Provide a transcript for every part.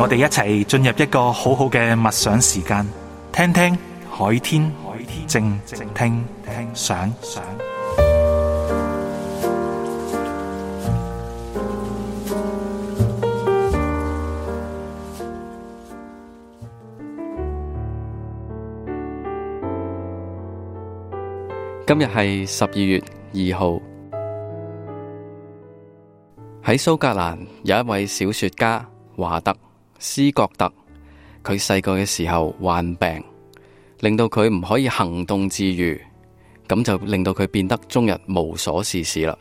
我哋一齊進入一個好好嘅默想時間，聽聽海天靜靜聽想。今日係十二月二號，喺蘇格蘭有一位小說家華特。司各特，佢細個嘅時候患病，令到佢唔可以行動自如，咁就令到佢變得終日無所事事啦。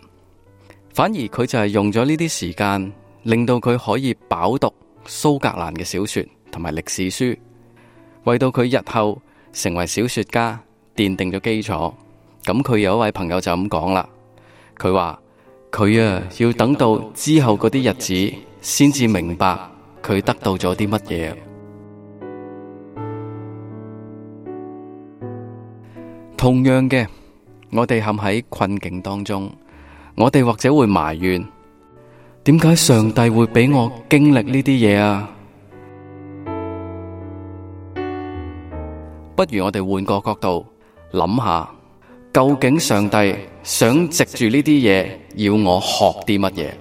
反而佢就係用咗呢啲時間，令到佢可以飽讀蘇格蘭嘅小說同埋歷史書，為到佢日後成為小說家奠定咗基礎。咁佢有一位朋友就咁講啦，佢話佢啊要等到之後嗰啲日子先至明白。佢得到咗啲乜嘢？同樣嘅，我哋陷喺困境當中，我哋或者會埋怨，點解上帝會俾我經歷呢啲嘢啊？不如我哋換個角度諗下，究竟上帝想藉住呢啲嘢，要我學啲乜嘢？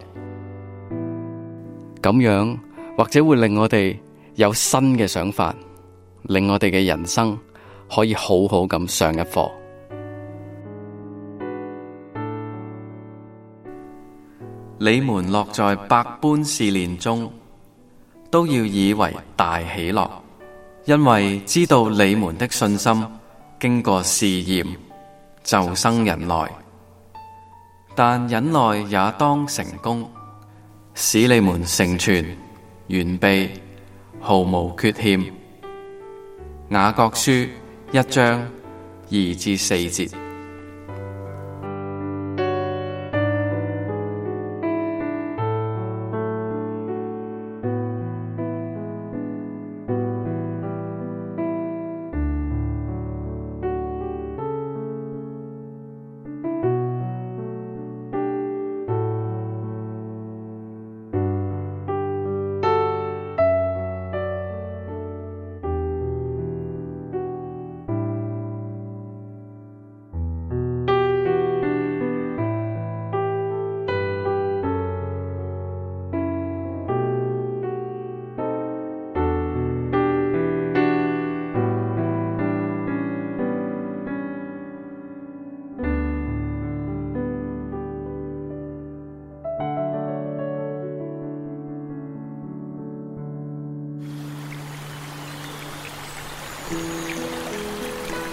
咁樣。或者會令我哋有新嘅想法，令我哋嘅人生可以好好咁上一課。你們落在百般試煉中，都要以為大喜樂，因為知道你們的信心經過試驗，就生忍耐。但忍耐也當成功，使你們成全。完備，毫無缺陷。雅各書一章二至四節。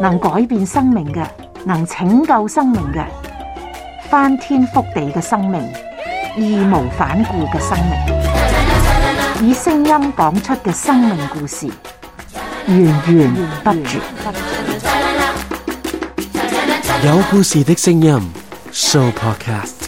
能改變生命嘅，能拯救生命嘅，翻天覆地嘅生命，義無反顧嘅生命，以聲音講出嘅生命故事，源源不絕。有故事的聲音，Sooo Podcast。